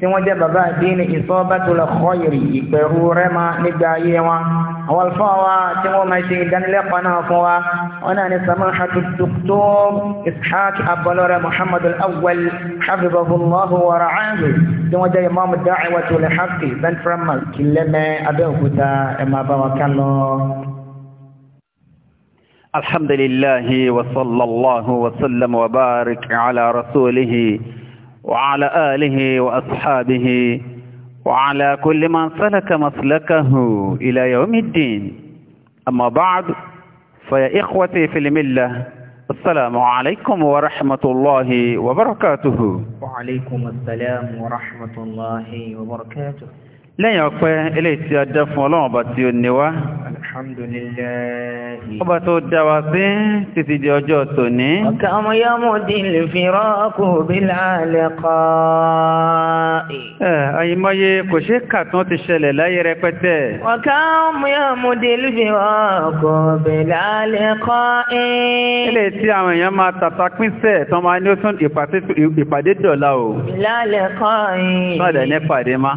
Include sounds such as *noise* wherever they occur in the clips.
tí wọ́n jẹ́ bàbá àdínì ìsọ́bẹ́tòlẹ̀ kọ́yìrì ìpẹ̀rù rẹ́mà nígbà ayé wa àwọn alfa wa tí wọ́n máa ṣe ìdánilẹ́kọ̀ọ́ náà fún wa wọn náà ní samahatu dr ishaq abọlọrẹ muhammad al-awwal hafizahullahu wa ra'ahu tí wọ́n jẹ́ imam ben haqqi central mosque kìlẹ́mẹ́ abẹ́òkúta ẹ̀ máa bá wa kán lọ. alhamdulillahi wa sallallahu wa sallam wa barik ala rasulihi. وعلى آله وأصحابه وعلى كل من سلك مسلكه إلى يوم الدين أما بعد فيا إخوتي في الملة السلام عليكم ورحمة الله وبركاته وعليكم السلام ورحمة الله وبركاته lẹ́yìn ọpẹ́ eléyìí tí a dá fún ọlọ́run ọba tí ó ní wá alhamdulillahi ọba tó dá wa sí títí di ọjọ́ tòní ọkàmọ́ yá mú dìlì fi rọ́ọ̀kù bí lálẹ́kọ́ eh, àyímọ́yé kò ṣe kàtún ti ṣẹlẹ̀ láyé rẹpẹtẹ ọkàmọ́ fi rọ́ọ̀kù bí lálẹ́kọ́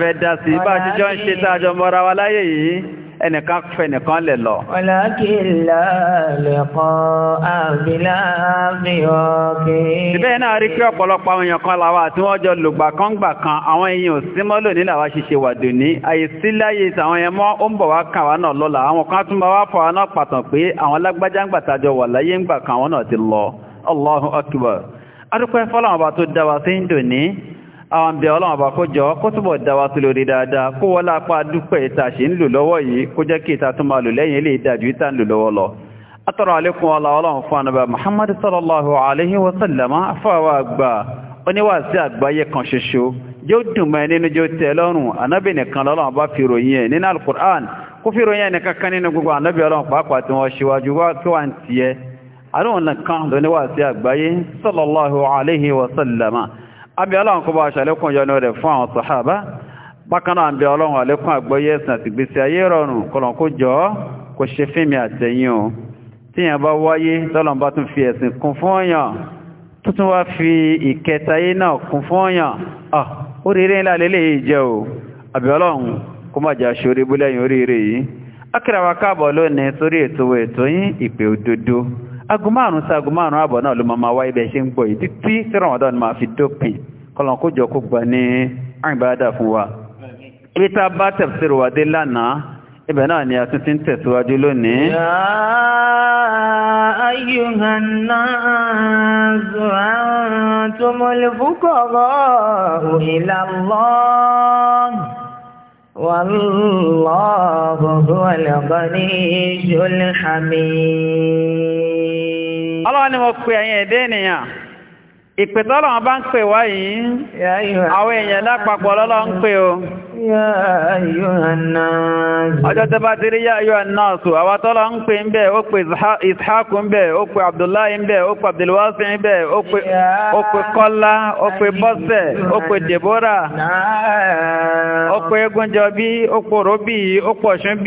fẹ́ dá sí bá jíjọ ń ṣe tájọ mọ́ra wa láyé yìí ẹnìkan fẹ́ lè lọ. Ọlákìlá mi ọ̀kẹ́. Ìbẹ́ náà rí pé ọ̀pọ̀lọpọ̀ àwọn èèyàn kan làwà tí wọ́n jọ lògbà kan gbà kan àwọn èèyàn ò sí mọ́ lónìí làwa ṣiṣẹ́ wà dòní. Àyè sí láyé tàwọn yẹn mọ́ ó ń bọ̀ wá kàn Allahu akbar. Adúpẹ́ fọ́lọ́mọba tó dá àwọn bẹ̀ ọlọ́wọ̀n bá kó jọ kó túbọ̀ dáwà tó lórí dáadáa kó wọ́lá apá dúpẹ́ ìta ṣe ń lò lọ́wọ́ yìí kó jẹ́ kí ìta tó máa lò lẹ́yìn ilé ìdájú ìta ń lò lọ́wọ́ lọ atọ́rọ̀ alẹ́kùn ọlọ́wọ́n fún ànàbà muhammadu sallallahu alaihi wasallama afọ́wà àgbà oníwàásí àgbáyé kan ṣoṣo jẹ́ ó dùn mọ́ nínú jẹ́ ó sallallahu alaihi wasallama àbí ọlọ́run kó bá aṣàlékún yọnu rẹ̀ fún àwọn sàhábà bákanáà àbí ọlọ́run àlékún àgbọ́yé ẹ̀sìn àti gbèsè ayé rọrùn kọlọ̀n kó jọ kó ṣe fíìmì àtẹ̀yìn o tíyàn bá wáyé tọ́lọ́n bá tún fi ẹ̀sìn kún fún ọ̀yàn tó tún wá fi aago márùn-ún sí aago márùn-ún àbọ̀ náà ló máa máa wáyé bẹ́ẹ̀ ṣe ń gbọ́ yìí títí tí Ramadan máa fi dópin kọlọ̀ kó jọ kó gbà ní àgbàdà fún wa. ibi tá a bá tafsir wa dé lánàá ibẹ̀ náà ni a tún ti ń tẹ̀síwájú lónìí. yā ayyuhan-nāsu antumul fuqarā'u ilallāh. والله هو الغني الحميد الله أنا مفكوين يديني ìpètọ́lọ̀ wọn bá ń pè wá yìí àwọn èèyàn lápapọ̀ lọ́lọ́ ń pè o ọjọ́ tó bá ti rí yá yóò mbe, sọ àwọn ń pè ń bẹ̀ ó pè Ishaq ń bẹ̀ ó pè Abdullahi ń bẹ̀ ó pè Abdulwasi ń bẹ̀ ó pè Kọ́lá ó pè Bọ́sẹ̀ ó pè Deborah ó pè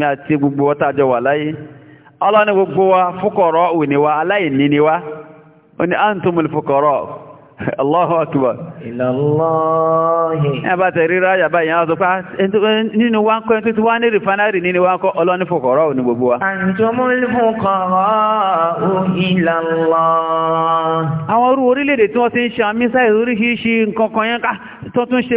mi àti gbogbo wa tàjọ wà láyé Allah ní gbogbo wa fúkọ̀rọ̀ ò ní wa aláìní ni wa ó ní antumul fúkọ̀rọ̀ *laughs* Allahu akbar ilallahi ẹ bá tẹ̀ ríra yàbá ìyẹn wá sọ pé ah, nínú wá ń kọ́ ẹni tó ti wá ní rìfánárì nínú wá ń kọ́ ọlọ́ní fòkọ̀rọ̀ ò gbogbo wa. àwọn orú orílẹ̀-èdè tí wọ́n ti ń ṣe àmì sáì nǹkan kan yẹn ká ah, tó tún ṣe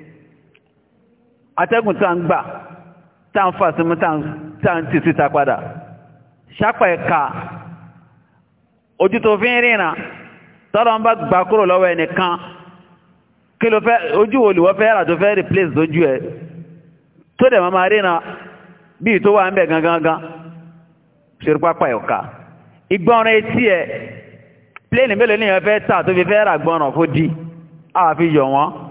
atẹ́gùn tá ń gbà tá ń fàṣímú tá ń tìsí ta padà ṣápa ẹ̀ka ojú fi ń rìnà tọ́lọ ń bá gbà kúrò lọ́wọ́ ẹnìkan kí ló fẹ́ ojú olùwọ́ fẹ́ yàrá tó fẹ́ replace lójú ẹ̀ tó dẹ̀ máa rìnà bí tó wà ń bẹ̀ gangan ṣerú pápá ẹ̀ka ìgbọ́nrin etí ẹ̀ pléènì mélòó ìyẹn fẹ́ tà tó fi fẹ́ fó di àfi yọ̀ wọ́n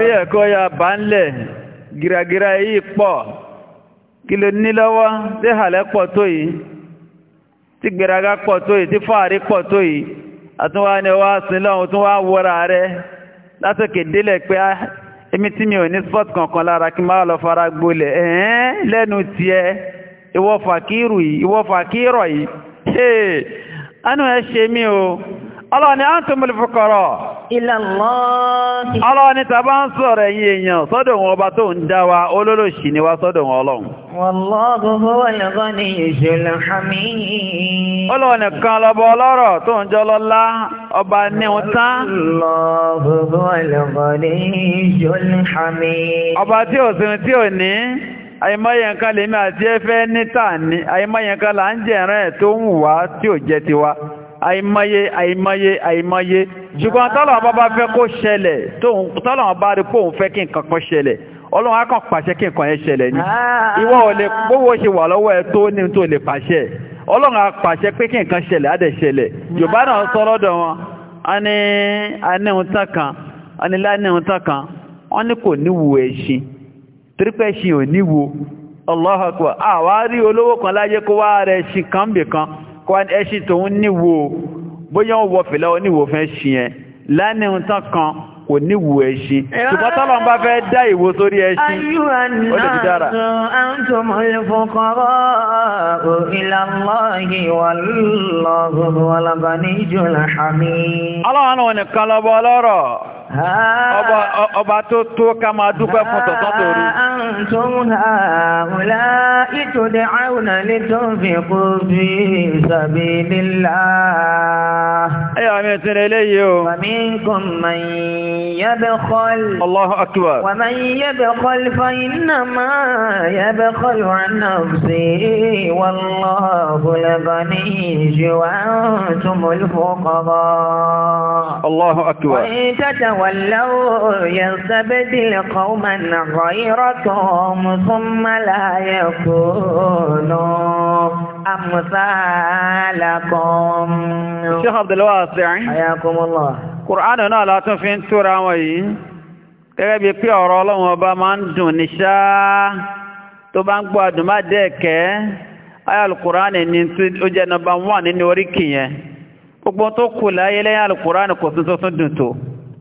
torí ẹ̀kọ́ ya bá ń lẹ̀ gìràgìrà yìí pọ̀ kí ló ní lọ́wọ́ tí hàlẹ́ pọ̀ tó yìí tí gbèrágá pọ̀ tó yìí tí fàárí pọ̀ tó yìí àtúnwá ni wá sin tún wá wọ́ra rẹ látòkè délẹ̀ pé ah, èmi tí mi ò ní sport kankan lára kí máa lọ fara gbolẹ̀ ẹ̀ẹ́n lẹ́nu tiẹ̀ ìwọ fàkírù yìí ìwọ fàkírọ̀ yìí ánú ẹ ṣe mí o. Ọlọ́run ni fuqara ila Allah ọlọ́ni tàbá ń sọ̀rọ̀ ẹ̀yìn èèyàn sọ́dọ̀ ọba tó ń dá wa olólòṣì ni sọ́dọ̀ wọn ọlọ́run wallahu tó ń jọ lọ́lá ọba níhun tán wallahu ọba tí ò sin tí ò ní àìmọ́yẹnká lèmi àti ẹfẹ́ níta ní àìmọ́yẹnká là ń jẹ̀rán tó ń wù tí ò àìmọye àìmọye àìmọye ṣùgbọ́n ah. tọ́lọ̀ bá bá fẹ́ kó ṣẹlẹ̀ tọ́lọ̀ bá rí fẹ́ kí nǹkan kan ṣẹlẹ̀ ọlọ́run á kàn pàṣẹ kí nǹkan yẹn ṣẹlẹ̀ ni ah. ìwọ ò lè gbówó ṣe wà lọ́wọ́ ẹ tó ní tó lè pàṣẹ ọlọ́run á pàṣẹ pé kí nǹkan ṣẹlẹ̀ á dẹ̀ ṣẹlẹ̀ yorùbá náà sọ lọ́dọ̀ wọn a ní aníhun tán kan a ní láníhun tán kan ní kò ò ọlọ́hàkùn àwárí olówó kan láyé kó wá kó wá ní ẹṣí tòun níwò bóyá ó wọ fìlà oníwò fẹ́ ṣi yẹn lánìí tán kan kò níwò ẹṣí ṣùgbọ́n tọ́lọ̀ ń bá fẹ́ dá ìwò sórí ẹṣí ó lè fi dára. ọlọ́run nìkan lọ́bọ̀ ọlọ́rọ̀. ọba tó tó ká máa dúpẹ́ fún tọ̀tán torí. tó ń ha ọ̀lá ìtòdẹ̀ àrùnà lè tó ń fi kó bí ìsàbí lílá. ẹyà mi ti rẹ̀ léyìí o. wà mí kàn máa yẹ́bẹ̀ kọ́l. Allahu akbar. wà máa yẹ́bẹ̀ kọ́l fàyín náà máa yẹ́bẹ̀ kọ́l wà náà sí wọ́n lọ bùlẹ̀bà ní ìṣòwò àrùn tó mọ̀lú fún kọ́kọ́. Allahu akbar. wà ní tẹ́tẹ̀ تولوا يستبدل قوما غيركم ثم لا يكونوا أمثالكم الشيخ عبد الواسع حياكم الله قرآن náà látún fi ń túra wọn yìí gẹ́gẹ́ bí pé ọ̀rọ̀ ọlọ́run ọba máa ń dùn ní ṣáá tó bá ń gbọ́ àdùn má dẹ́ẹ̀kẹ́ ayé alukùránì ní tí ó jẹ́ nọ́mbà 1 nínú oríkì yẹn gbogbo tó kù láyé lẹ́yìn alukùránì kò tún tó tún dùn tó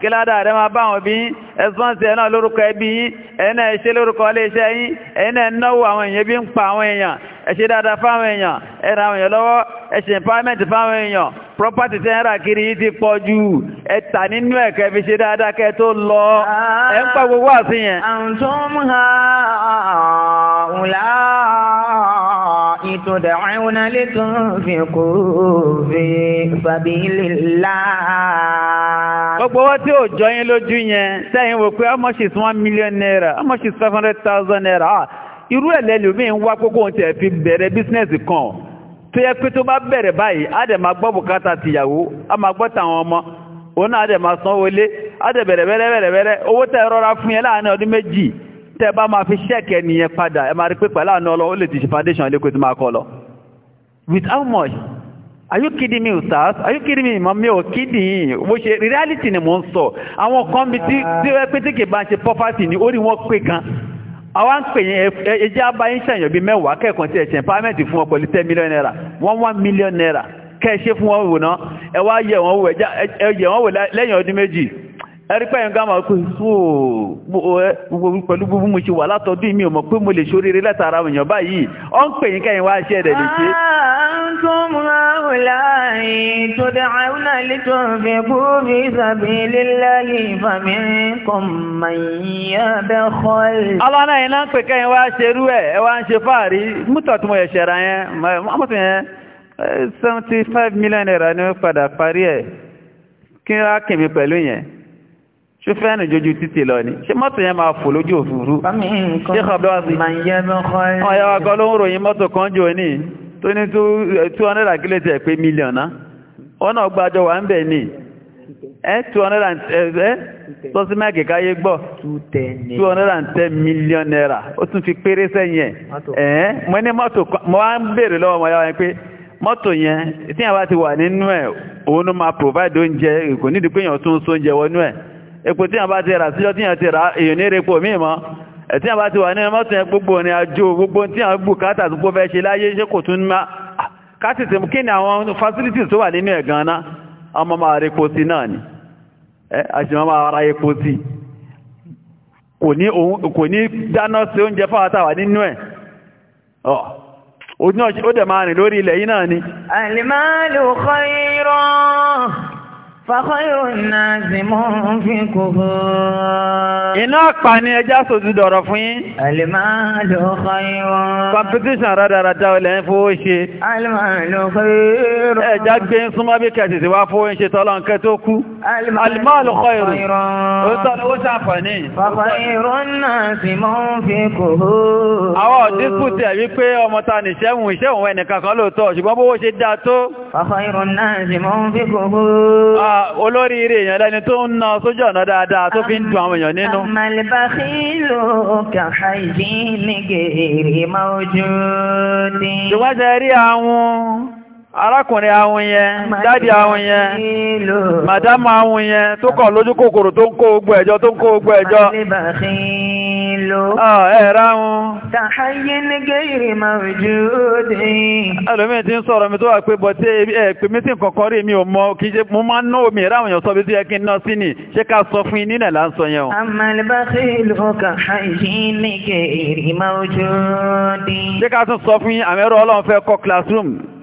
kí ládà rẹ máa bá àwọn bí ẹ̀sọ́nsì ẹ̀nà lórúkọ ẹbí yín ẹ̀nà ẹ̀ṣẹ́ lórúkọ iléeṣẹ́ yín ẹ̀nà ẹ̀náwó àwọn èèyàn bí ń pa àwọn èèyàn ẹ ṣe dáadáa fáwọn èèyàn ẹ àwọn èèyàn lọ́wọ́ ẹ empowerment fáwọn èèyàn property tẹ́ ń kiri yìí ti pọ̀ jù ẹ nínú ẹ̀ fi ṣe dáadáa kẹ́ tó lọ ẹ ń pa gbogbo àfihàn. gbogbo wọn tí ò jọ yín lójú yẹn sẹ́yìn wò pé how much is one million naira how much is five hundred thousand naira. Ah, irú ẹ̀ lẹ́lòmí ń wá kókó oúnjẹ fi bẹ̀rẹ̀ bísínẹ́sì kan tó yẹ pé tó bá bẹ̀rẹ̀ báyìí á máa gbọ́ bùkátà tìyàwó á máa gbọ́ tàwọn ọmọ òun náà á dẹ̀ máa sanwó lé á bẹ̀rẹ̀ bẹ̀rẹ̀ bẹ̀rẹ̀ owó tẹ́ rọra fún yẹn láàárín ọdún méjì tẹ́ bá máa fi ṣẹ́ẹ̀kẹ́ nìyẹn padà ẹ máa rí pé pẹ̀lú àná ọlọ́ ó lè ti ṣe foundation ilé kó ti máa kọ́ lọ. with how much are you kidding me Ustaz are you kidding me mami o kidding mo ṣe reality ni mo ń sọ àwọn kan bíi tí tí wọ́n pété kì bá ń ṣe property ni ó rí wọ́n pé gan àwa ń pè yín ẹjẹ́ abáyé ṣàyàn bíi mẹ́wàá kẹ́ẹ̀kan tí ẹ̀ṣẹ̀ pàmẹ́ǹtì fún ọ pẹ̀lú ten million naira one one million naira kẹ́ẹ̀ ṣe fún wọn wò ná ẹ wá yẹ wọn wò lẹ́yìn ọdún méjì ẹ̀rí pẹ́yìn gámà kò sún pẹ̀lú gbogbo mo ṣe wà látọ̀dún mi ò mọ̀ pé mo lè ṣoríire látara èèyàn báyìí ọ ń pè kẹ́yìn wá ṣe ẹ̀dẹ̀ lè ṣe. أنتم هؤلاء تدعون لتنفقوا في سبيل الله فمنكم من يبخل. Allah náà iná ń pè kẹ́yìn wá ṣerú ẹ̀ ẹ wá ń ṣe fáàrí mútọ̀ tí mo yẹ ṣẹ̀ra yẹn mọ́tò yẹn seventy five million naira ni ó padà parí ẹ̀ kí wọ́n á yẹn. ṣe fẹ́ ní jojú títì lọ ni ṣe mọ́tò yẹn máa fò lójú òfurufú ṣe kọ̀bọ̀ sí ọ̀yàwó akọ́ ló ń ròyìn mọ́tò kan jò ní tó ní 200 kílẹ̀tì ẹ̀pẹ́ mílíọ̀n náà wọ́n náà gbájọ wà ń bẹ̀ ní 200 sọ́sí mẹ́kì káyé gbọ́ 210 ó tún fi péré sẹ́yìn mo ní mọ́tò mo wá ń béèrè lọ́wọ́ pé mọ́tò yẹn tí yẹn bá ti wà nínú ẹ̀ òun ló máa provide oúnjẹ kò epo tí a bá ti rà síjọ́ tí a ti rà èyàn ní epo míì mọ́ ẹ̀tí a bá ti wà ní mọ́tún ẹ gbogbo ní àjò gbogbo tí a gbù káàtà tó fẹ́ ṣe láyé ṣe kò tún má káàtì tí kí ni àwọn facilities tó wà nínú ẹ̀ gan ọmọ máa rẹ epo sí náà ni àṣìmọ́ máa ra epo sí kò ní dáná sí oúnjẹ fáwọn táwà nínú ẹ̀ ó dẹ̀ máa rìn lórí ilẹ̀ yìí náà ni. àlìmáàlù kọ́ irọ́ fàkọ́yò náà sì mọ́ fi kòkó. iná pàní ẹjá sòdú dọ̀rọ̀ fún yín. alimáàlú kọ́yọ̀. competition rádaràdà olè ń fowó ṣe. alimáàlú kọ́yọ̀. ẹjá gbé súnmọ́ bí kẹ̀sì sí wá fowó ń ṣe nǹkan tó kú. alimáàlú kọ́yọ̀. ó tọ́lọ́ ó ṣàǹfààní. fàkọ́yò náà sì mọ́ fi kòkó. àwọn dínkù tẹ̀ wípé ọmọ ta olórí eré èèyàn lẹ́ni tó ń na sójú ọ̀nà dáadáa tó fi ń dùn àwọn èèyàn nínú. àmàlìbáfílò kàkà ìdí ní gèrè rí àwọn arákùnrin àwọn yẹn dádì àwọn yẹn màdámù àwọn yẹn tó kọ̀ lójú kòkòrò tó ń kó gbọ́ ẹjọ́ tó ń kó gbọ́ ẹjọ́. àmàlìbáfílò. Ah, ẹ̀ẹ̀rẹ̀ tàháyé ní gẹ́rì màrùjúdì. ẹlòmí ti ń sọ̀rọ̀ mi tó wà pé bọ̀ tí ẹ pè mí tí nǹkan rí mi ò mọ kí ṣe mo máa ń omi ìráwọn èèyàn sọ bí tí ẹ kí sí ni ṣé ká sọ fún yín nílẹ̀ ń sọ yẹn o. àmàlẹ́bá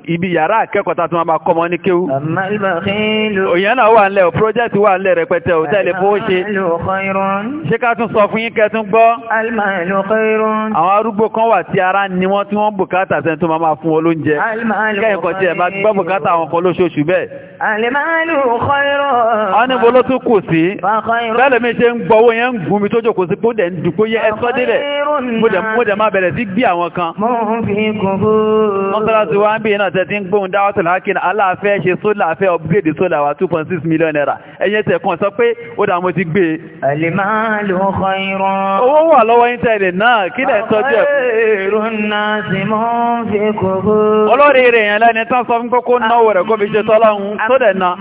ibi yàrá akẹ́kọ̀ọ́ta tí máa kọ́ ní kéwú. òyìn náà wà nílẹ̀ project wà nílẹ̀ rẹpẹtẹ ò tẹ́lẹ̀ ṣe. ṣé ká tún sọ fún yín kẹtún gbọ́. àwọn arúgbó kan wà tí ara ni wọ́n tí wọ́n bùkátà sẹ́ni tó máa fún wọn lóúnjẹ. kẹ́yìn kan tiẹ̀ máa gbọ́ bùkátà àwọn kan lóṣooṣù bẹ́ẹ̀. wọ́n ní bolo tún ti wá ń bí iná tẹ́ ti ń gbóhun dáwọ́ tó lákìn aláàfẹ́ ṣe sólà àfẹ́ upgrade sólà wa 2.6 million naira ẹ̀yẹ́ tẹ̀ kàn sọ pé ó dà mo ti gbé e. àlè máa lò irun. owó wà lọ́wọ́ yín náà kí lẹ̀ tọ́jú ẹ̀ Olórí rẹ̀ yẹn lẹ́ni tán sọ fún kókó náwó rẹ̀ kó fi ṣe tọ́lọ́run tó dẹ̀ náà.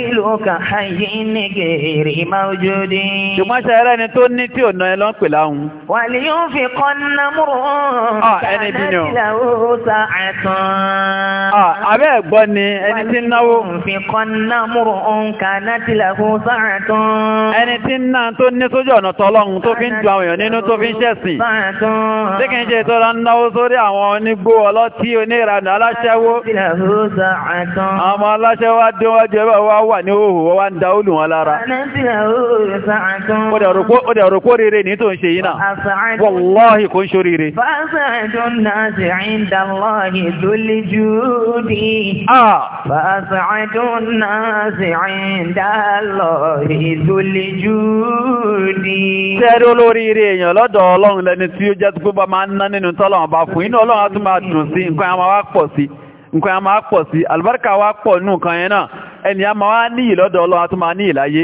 ìlú kan ayé ní gèrè máa ojú dé. Ṣùgbọ́n ṣe rẹ́ni tó ní tí ò náà lọ́n pè láhùn. Wà lè yóò fi kọ́ námúrò kàlátìlà ó sa àtàn. Àbẹ́ ẹ̀gbọ́n ni ẹni tí ń náwó. Wà lè yóò fi kọ́ námúrò kàlátìlà ó náà tó ní sójú ọ̀nà tọ́lọ́run tó ń Tí kìí ṣe tó rán náwó sórí àwọn onígbó ọlọ́tí oníranà aláṣẹ́wó. Àwọn aláṣẹ́wó adéwájú ẹbẹ̀ wá wà ní òhù wá ń da olù wọn lára. Ó dẹ̀ rò rere ní tó ń ṣe yìí náà. Wọ́lọ́hì kò ń ṣó rere. Fásàdún náà sì bá máa ń ná nínú tọ́lọ́wọ́n bá fún inú ọlọ́run á tún máa dùn sí nǹkan yẹn máa wá pọ̀ sí nǹkan yẹn máa pọ̀ sí àlùbáríkà wá pọ̀ nù nǹkan yẹn náà ẹni a máa níyì lọ́dọ̀ ọlọ́run tó máa níyì láyé.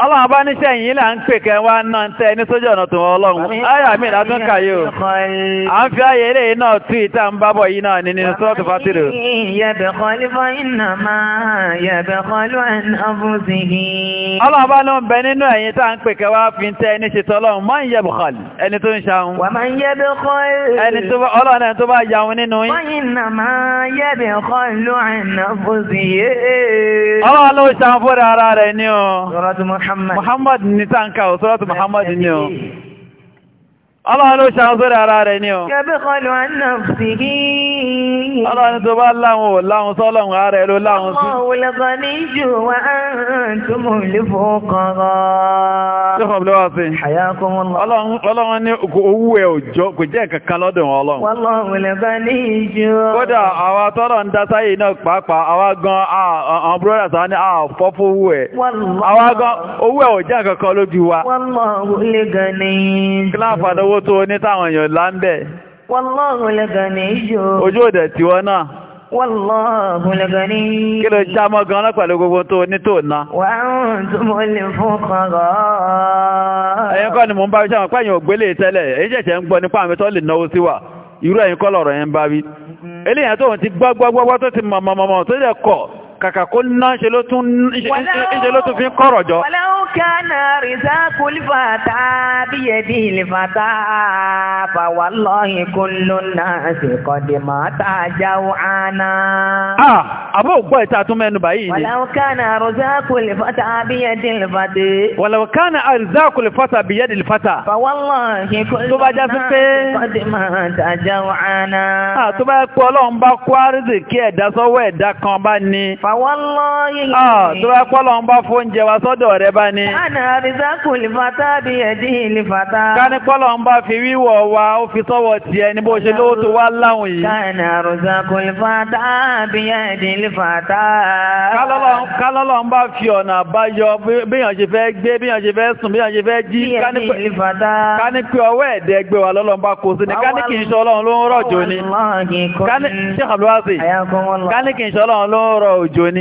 ọlọ́run bá níṣẹ́ yìí là ń pè kẹ́ wá náà ń tẹ ẹni sójú ọ̀nà tó ọlọ́run áyà mi ìlà tún à ń fi ayé eléyìí náà tú ìta ń bábọ̀ yìí náà ní nínú sọ́ọ̀tù fátìrì. ọlọ́run bá ló ń bẹ nínú ẹ̀yìn tá ń pè kẹ́ wá fi ń tẹ́ ẹni ṣe tọ́lọ́run máa ń yẹ bùkọ̀l ẹni tó ń ṣàun ọlọ́run ẹni tó bá yàun nínú yín ọlọ́run ló ṣàun fúnra ara rẹ̀ ní o Muhammad ní tàǹkà ò sọ́rọ̀tù Muhammad ní o ọlọ́run ló ṣàun fúnra ara rẹ̀ ní o ọlọ́run tó bá láwọn ò láwọn sọ́lọ́run ààrẹ ló láwọn sí. ọmọ òlùkọ́ ní jù wá tó mọ̀ lè fọ́kànrọ́. tí wọ́n bí wọ́n sí. ọlọ́run ní owó ẹ̀ òjò kò jẹ́ kankan lọ́dọ̀ wọn ọlọ́run. wọ́n òlùkọ́ ní jù. kódà àwa tọ́lọ̀ ń dá sáyé náà pàápàá àwa gan àwọn búrọ́dà sáà ní àfọ́fọ́ owó ẹ̀. àwa gan owó ẹ̀ òjò kankan lójú wa. wọ́n mọ̀ òlùkọ́ ní jù. Wallahu laganiyyu. Ojú òdẹ̀ tí wọ́n náà. Wallahu laganiyyu. Kí ló já mọ́ gan-an pẹ̀lú tó ní tó ná? Wa kọ́ ni mò ń bá iṣẹ́ àwọn pẹ́yìn ògbélé tẹ́lẹ̀, èyí ṣẹ̀ṣẹ̀ ń gbọ́ nípa àmì tó lè náwó sí wa, irú ẹ̀yin kọ́ lọ̀rọ̀ yẹn bá wí. Eléyàn tó ti gbọ́gbọ́gbọ́ tó ti mọ̀mọ̀mọ̀ tó lẹ̀ kọ̀, kàkà kó ná ń ṣe ló tún fi ń jọ kana rizaqul fata biyadil fata fa wallahi kullun nasi qad mata jaw'ana. Ah, àbọ̀ ògbọ́ ìta tún mẹ́nu báyìí ni. Walau kana rizaqul fata biyadil fata. Walau kana rizaqul fata biyadil fata. Fa wallahi kullun nasi qad mata jaw'ana. Ah, tó bá yẹ pé ọlọ́run bá kó àrísìkí ẹ̀dá sọ́wọ́ ẹ̀dá kan bá ní. Fa wallahi. Ah, tó bá yẹ pé ọlọ́run bá fóúnjẹ wa sọ́dọ̀ rẹ bá ní. Àná àbísá kò lè fata bí ẹ̀dí lè Káni pọ́lọ̀ ń bá fi wíwọ̀ wa, ó fi sọ́wọ́ tiẹ̀ ní ṣe lówó tó wá láwùn yìí. Káni àrùsá kò lè ẹ̀dí lè Kálọ́lọ́ ń bá fi ọ̀nà àbáyọ bíyàn ṣe fẹ́ gbé, bíyàn ṣe fẹ́ sùn, bíyàn ṣe fẹ́ jí. Káni pé ọwọ́ ẹ̀dẹ́ gbé wa lọ́lọ́ ń bá kó sí ni. Káni kì í ṣe ọlọ́run ló ń rọ̀jò ni. Káni kì í ṣe ọlọ́run ló ń rọ̀ òjò ni.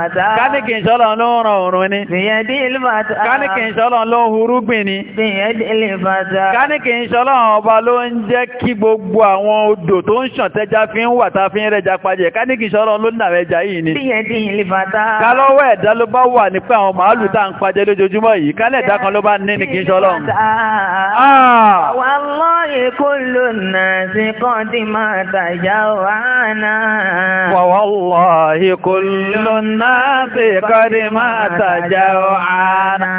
Káni kì í ṣe ọlọ́run ló ń rọ̀ òrùn ni fàtà. Ah. Káni kì í ṣọlọ́n ló ń hurúgbìn ni. Bìyẹ́dìlì fàtà. Ah. Káni kì í ṣọlọ́n ọba ló ń jẹ́ kí gbogbo àwọn odò tó ń ṣàn tẹ́já fi ń wà tá fi ń rẹja pajẹ. Káni kì í ṣọlọ́n ló ń nàrẹ̀ ẹja yìí ni. Bìyẹ́dìlì fàtà. Ah. Kálọ́wọ́ ẹ̀dá ló bá wà ní pé àwọn màálù tá à ń pajẹ lójoojúmọ́ yìí. Kálẹ̀ ẹ̀dá kan ló bá ní ni kì í ṣọlọ́n. Wàlọ́ọ̀yì náà sí kan rárá.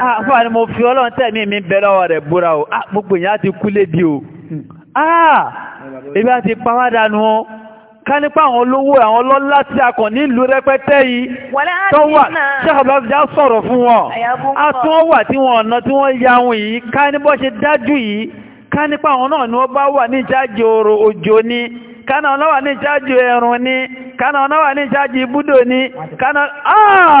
àfáà ah, ah, ni mo fi ọlọ́run tẹ̀mí mi bẹ lọ́wọ́ rẹ̀ búra o ah, gbogbo ìyá ti kú lébi o ebi àti pàwádànù o ká nípa àwọn olówó àwọn ọlọ́lá tí a kàn nílùú rẹpẹtẹ yìí tó wà ṣẹ́kọ̀bá fi já sọ̀rọ̀ fún wọn a tún wà tí wọn ọ̀nà tí wọ́n ya wọn yìí ká níbọ̀ ṣe dájú yìí ká nípa àwọn náà ni wọ́n bá wà ní ìjájì òòrò òjò ni kánà ọ̀nà wà ní ìjájì ẹ̀rùn ni kánà ọ̀nà wà ní ìjájì ibùdó ni kánà áà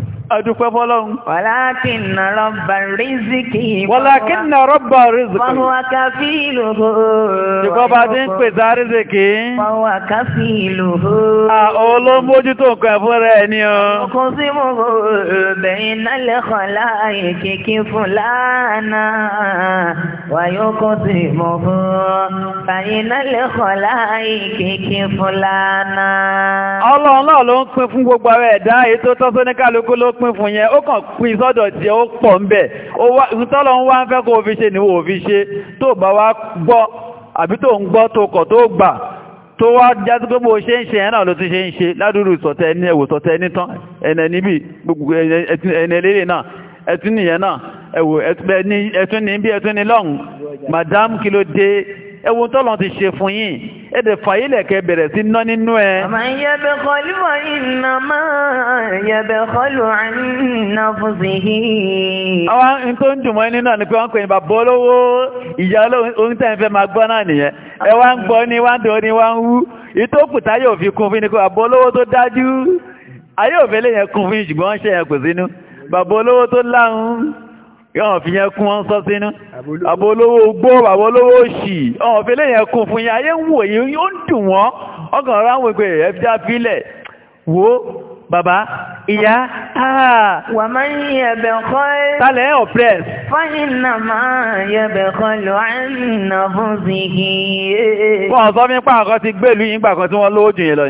adúpẹ́ fọ́lọ́run. wàlákìnnà rọ́bà rìzìkì. wàlákìnnà rọ́bà rìzìkì. fọwọ́ kàfí lòhó. ìkọba tí ń pèsè àrìzìkì. fọwọ́ kàfí lòhó. à olóńgbójú tó nǹkan ẹ̀fọ́ rẹ̀ ni o. kò sí mo kò bẹ̀yìn náà lẹ́kọ̀ọ́ láàyè kékeré fún lánàá wàyó kò sí mo fún fàyínà lè kọ̀lá ìkéèké fúlànà. ọlọ́run náà ló ń pín fún gbogbo ara ẹ̀dá èyí tó tọ́ sí ní kálukú ló pín fún yẹn ó kàn pín sọ́dọ̀ tí ó pọ̀ ń bẹ̀ tọ́lọ́ ń wá ń fẹ́ kó o fi ṣe níwò fi ṣe tó bá wá gbọ́ àbí tó ń gbọ́ tó kọ̀ tó gbà tó wá jásí pé ṣe ń ṣe ẹ̀nà ló ti ṣe ń ṣe ládùúrù sọ̀tẹ́ ní ẹ̀wò sọ̀tẹ́ ní tán ẹ̀nà níbi ẹ̀nà eléré náà ẹ̀tún nìyẹn náà ẹ̀wò ẹ̀tún ní bí ẹ̀tún ní lọ́hùn madam kí ló dé ẹwọ tọ́lọ̀ ti ṣe fún yín ẹ̀dẹ̀ fàyílẹ̀ kẹ bẹ̀rẹ̀ sí ná nínú ẹ. ọmọ yẹbẹ kọlu wa iná máa yẹbẹ kọlu àná fún sí i. àwọn ohun tó ń dùn mọ́ ẹni náà ni pé wọ́n ń pè ní bàbá olówó ìyá olóhùn tẹ̀ ń fẹ́ máa gbọ́ náà nìyẹn ẹ wá ń gbọ́ ni wá ń dọ̀ ni wá ń wú ìtókù táyé òfin kún fún ní kó bàbá olówó tó dájú ayé òfin lè yẹn kún fún ìṣùgbọ́n ṣe yẹn kò sínú bàbá olówó tó láhùn yọ́n fi yẹn kún wọn sọ sínú àbólówó gbó àbólówó ṣì ọ̀n fi lè yẹn kún fún yẹn ayé ń wòye ó ń dùn wọ́n ọkàn ránwó pé ẹ̀fíà fílẹ̀ wò ó bàbá ìyá wà máa ń yẹ̀bẹ̀ kọ́ ẹ́ tálẹ̀ ọ̀pẹ́s fọ́nìnà máa yẹ̀bẹ̀ kọ́ lọ àìnà fún sí kí wọ́n sọ nípa àkọ́ ti gbèlú yìí gbà kan tí wọ́n lówó jù yẹn lọ ni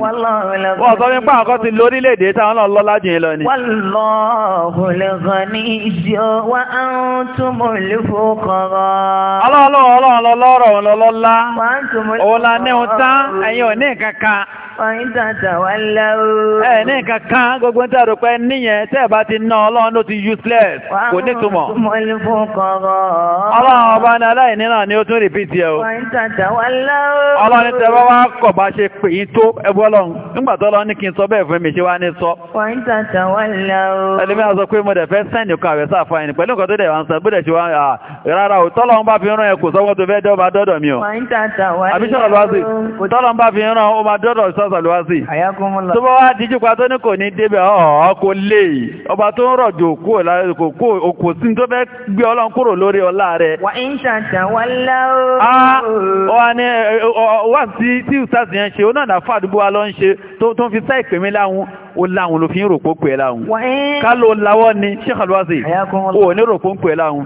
wọ́n sọ nípa àkọ́ ti lórílẹ̀-èdè táwọn náà lọ́lá jù yẹn lọ ni ọlọ́ọ̀lọ́ọ̀lọ́ọ̀lọ́ọ̀rọ̀ ọ̀lọ́lá òun la ní ọ̀tá ẹ̀yìn ò ní ẹ ní kankan gbogbo tẹ́ rò pé níyẹn tẹ́ bá ti ná ọlọ́run ló ti useless kò ní túmọ̀ ọlọ́run ọba ní aláìní náà ni ó tún rìpítì ẹ o ọlọ́run bá wá kọ̀ bá ṣe pè tó ẹbú ọlọ́run sọ pé mo dẹ̀ fẹ́ kan àwẹ̀ sáà fáyìn pẹ̀lú nǹkan tó dẹ̀ wá ń sọ ṣe wá rárá o tọ́lọ́run bá fi rán ẹ kò sọ́wọ́ tó fẹ́ dọ́ bá mi o bá fi sàlúwásì tó bá wá díjú pa tó ní kò ní débẹ̀ ọ̀ọ́ kò lè ọba tó ń rọ̀jò kó òkò sí tó fẹ́ gbé ọlọ́run kúrò lórí ọlá rẹ̀ wà tí tí ìsáàsì yẹn ṣe ó náà náà fàdúgbò wa lọ ń ṣe tó ń fi sá ìpè mí láhùn ó láhùn ló fi ń rò pó pè láhùn ká ló lawọ́ ni ṣé kàlúwásì ó ní rò pó pè láhùn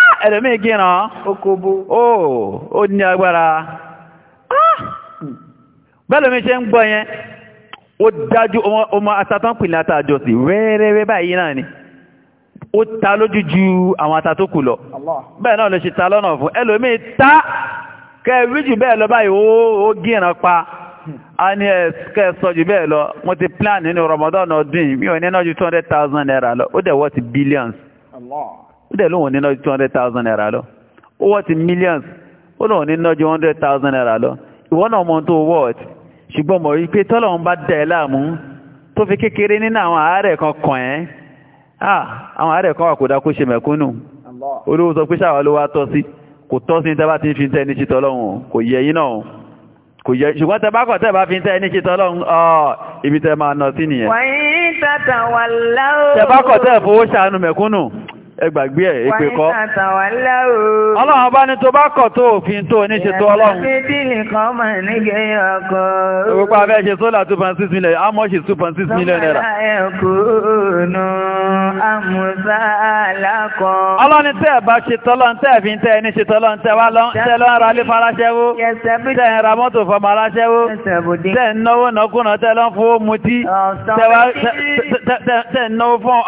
ẹ̀rẹ̀mí gíná okòbó oh, ó ní agbára ah! bẹ́lùmí ṣe ń gbọ́ yẹn ó dájú ọmọ asatán pìlẹ̀ àtàjọ sí wẹ́rẹ́wẹ́ báyìí náà ni ó ta lójú ju àwọn atatókù lọ bẹ́ẹ̀ náà ló ṣe ta lọ́nà fún ẹlòmí ta kẹrí jù bẹ́ẹ̀ lọ báyìí ó gíná pa a ní ẹ̀kẹ́ sọ jù bẹ́ẹ̀ lọ mo ti plan nínú Ramadan ọdún mi ò ní náà ju 200,000 naira lọ ó dẹ̀ wọ́ ti billions Allah ó dẹ̀ lóun níná two hundred thousand naira lọ ó ti millions ó lóun níná ju one hundred thousand naira lọ ìwọ náà mọ tó wọ́ọ̀t ṣùgbọ́n mọ̀ wípé tọ́lọ́run bá dẹ̀ láàmú tó fi kékeré nínú àwọn àárẹ̀ kan kàn ẹ́ ah, àwọn àárẹ̀ kan wà kó dákó ṣe mẹ̀kúnnù olówó sọ pé ṣáwa ló wá tọ́ sí kò tọ́ sí tẹ́ bá ti ń fi tẹ́ ní ṣètọ́ lọ́hùn kò yẹ yín náà kò yẹ ṣùgbọ́n tẹ́ bá kọ̀ tẹ́ bá fi tẹ́ ní ṣètọ́ lọ́hùn ah, ibi tẹ́ máa nọ sí nìyẹn. wọ́n yín tàtàwà láwùjọ. tẹ́ bá kọ̀ tẹ́ fowó ṣàánú mẹ̀kúnnù ẹgbàgbé ẹ̀ èpè kọ́. ọlọ́run bá ní tó bá kọ̀ tó òfin tó ní ṣe tó ọlọ́run. ìwọ́pá how much is two point six million naira. tẹ́ bá ṣe tọ́lọ́run tẹ́ fi ń tẹ́ ẹni ṣe tọ́lọ́run tẹ́ wá tẹ́ lọ́n ra lé faraṣẹ́wó tẹ́ ra mọ́tò fọmọ aláṣẹ́wó tẹ́ náwó nọkúnà tẹ́ lọ́n fowó mutí tẹ́ náwó fún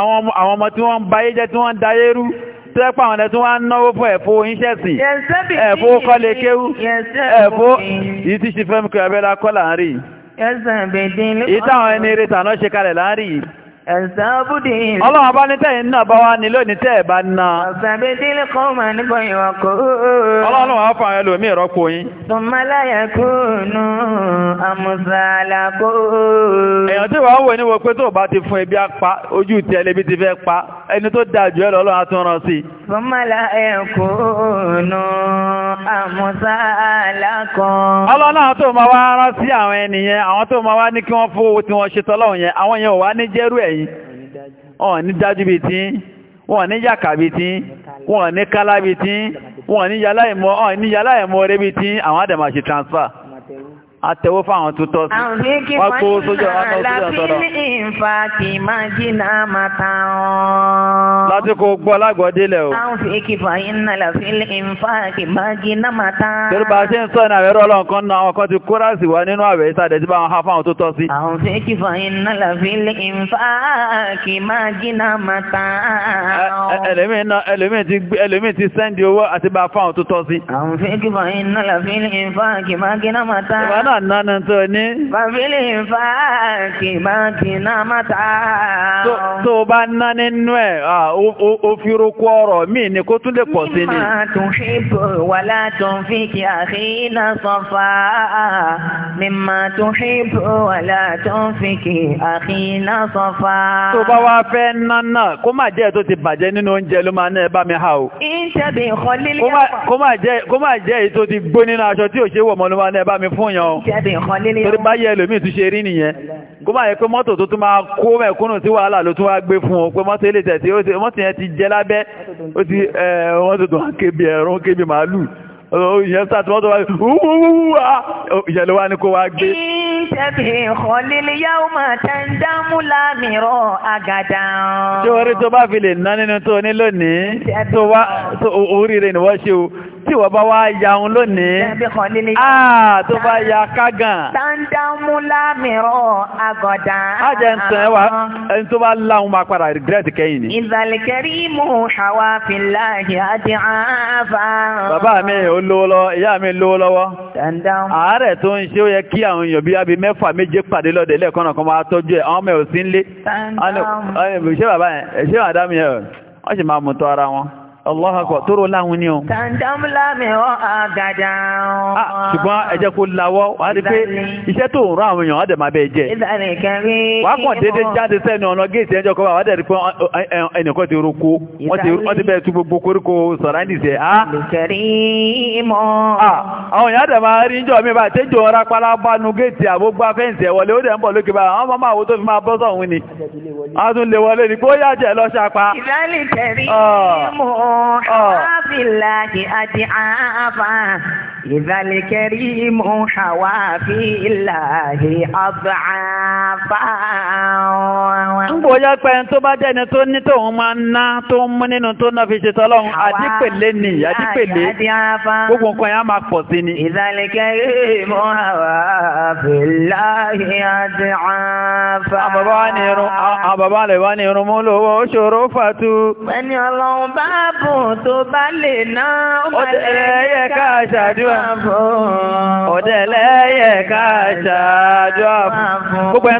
àwọn ọmọ tí wọ́n ń jẹ́ tí wọ́n ń dayé rú tó ẹ́pà àwọn ẹ̀tún wá ń náwó fún ẹ̀fọ́ oníṣẹ́sìn ẹ̀fọ́ kọ́lé kéwú ẹ̀fọ́ yìí ti ṣe fẹ́mi kọ́ ẹ̀bẹ́lá kọ́ láàárín yìí táwọn bá ní tẹ́yìn náà bá wá ní lónìí bá ná. Ọ̀sàbẹ̀dẹ́lẹ̀ fún àwọn amúsàlákó. èèyàn tí wàá wò ní wo pé tó bá ti fún ebi apá ojú tí ẹlẹ́bi ti fẹ́ pa ẹni tó dáa jù ẹ lọ́lọ́ àtúnrán sí. fọmọlá ẹ̀kọ́ nù amúsàlákó. ọlọ́run àwọn tó máa wá rán sí àwọn ẹnìyẹn àwọn tó máa wá ní kí wọ́n fowó tí wọ́n ṣe tọ́lọ́hùn yẹn àwọn yẹn ò wá ní jẹ́rú ẹ̀yìn wọn ní dájú bíi tí wọn ní yàkà bíi tí wọn ní kálá bíi tí wọn ní yàlá ìmọ̀ rẹ̀ bíi tí àwọn àdàmà ṣe transfer àtẹ̀wó fáwọn tó tọ́ sí wọ́n kó sójú àwọn ọ̀sán sọ́dọ̀. lásìkò gbọ́ lágbọ́délẹ̀ o. torí bá a ṣe ń sọ ní àwẹ̀rọ ọlọ́run kan náà àwọn kan ti kó ráàsì wá nínú àwẹ̀ ìsàdẹ̀ tí bá wọn ha fáwọn tó tọ́ sí. ẹlòmíì ti sẹ́ndì owó àti bá fáwọn tó tọ́ sí. àwọn fẹ́ẹ́kì fàyín náà làfin ìfáàkì máa gíná màtá náà nánà tó ní. Bàbílì fáàkì báńkì náà má ta. Tó o bá ná nínú ẹ̀, o fi roko ọ̀rọ̀ míì ni kó tún lè pọ̀ sí ni. Mímọ̀ tún fi bò wàlá tún fi kí àkínà sọ̀fà. Mímọ̀ tún fi bò wàlá tún fi kí àkínà sọ̀fà. Tó o bá wá fẹ́ nánà, kó má jẹ́ tó ti bàjẹ́ nínú oúnjẹ ló máa ná ẹ bá mi ha o. Ìṣẹ́bí ìkọ́lé lé. Kó má jẹ́ èyí tó ti gbó nínú aṣọ tí ò ṣe wọ̀ mọ́ ló máa ná ẹ bá mi fún yàn o torí báyìí ẹlòmíì tún ṣe rí nìyẹn kó máa yẹ pé mọ́tò tó tún máa kó mẹ̀kúnnù sí wàhálà wọ́n tó wá wúwúwúwá ìyẹn ló wá ní kó wá gbé. ìṣẹ́bí ìkọlélé yáwó máa tẹ́ ń dámú lámìíràn àgàdà tí wọ́n bá wá ya òun lónìí. ẹbí kan nílé. aa tó bá ya kágàn. dáńdámú lámìíràn agọ̀dá. a jẹ́ ń tẹ̀ wá ẹni tó bá láwọn máa padà rìgírẹ́tì kẹ́yìn ni. ìzàlìkẹ́rì mú àwa fìlàhì àti bàbá mi ò lówó lọ ìyá mi lówó lọ́wọ́. dáńdámú. àárẹ̀ tó ń ṣe ó yẹ kí àwọn èèyàn bíi abi mẹ́fà méje pàdé lọ́dẹ̀ lẹ́ẹ̀kan náà kan máa tọ́jú ẹ̀ àwọn ọmọ ẹ̀ ò sí ń lé. dáńdámú. ṣé bàbá yẹn ṣé màdá Allah tó rò láwọn ní o. Tàǹdàmù lámì ọ́ àgàdà ọ́. Ṣùgbọ́n ẹ jẹ́ kó lawọ́, wà á rí pé iṣẹ́ tó ń rán àwọn èèyàn ọ̀dẹ̀ máa bẹ jẹ́. Wà á kàn déédéé jáde sẹ́nu ọ̀nà géètì ẹjọ́ kọ́ wà á dẹ̀rí pé ẹnìkan ti roko, wọ́n ti bẹ̀rẹ̀ ah, ah, Àwọn èèyàn ọ̀dẹ̀ máa rí njọ́ mi bá tẹ́jọ ọ̀rá pálábánu géètì àbógbá fẹ́ǹsì ẹ̀ wọlé ó dẹ̀ ń bọ̀ lókè báyìí, àwọn máa máa wo tó fi máa bọ́ A tún lè Ọ̀fìláàkì àti àáfà ìdálẹ́kẹ̀rí mú Ṣàwáfìláàkì àbáà. Ngbò yá pé tó bá jẹ́ni tó ní tóun máa ń ná tó ń mú nínú tó náà fi ṣe tọ́lọ́run, àdípèlé ni, àdípèlé, gbogbo nǹkan yá máa pọ̀ sí ni. Ìdálẹ́kẹ́ mọ́ àwà fìláhì àti àfà. Àwọn bàbá rẹ̀ wá ní irun mú lówó ṣòro fàtú. Ẹni ọlọ́run bá bùn tó bá lè ná, ó máa lẹ́yẹ ká ṣàdúrà fún. Ọ̀dẹ̀ lẹ́yẹ ká ṣàdúrà fún. Gbogbo ẹ̀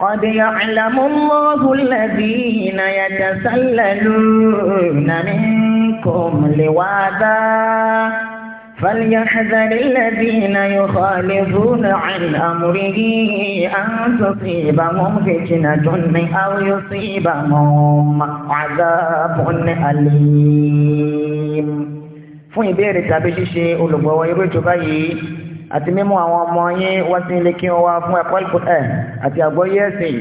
قد يعلم الله الذين يتسللون منكم لواذا فليحذر الذين يخالفون عن أمره أن تصيبهم فتنة أو يصيبهم عذاب أليم fún ìbéèrè tàbí ṣíṣe olùgbọ̀wọ́ irú àti mímú àwọn ọmọ yín wá sí ilé kí wọ́n wá fún ẹ̀kọ́ ìpòtẹ́ àti àgbọ́yé ẹ̀sìn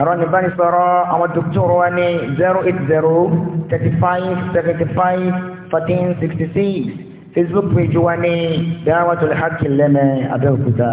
ẹ̀rọ níbánisọ̀rọ̀ àwọn dókítọ̀rọ̀ wa ní zero eight zero thirty five seventy five fourteen sixty six facebook page wa ní dáwàtò lẹ́hàkì lẹ́mẹ̀ abẹ́òkúta.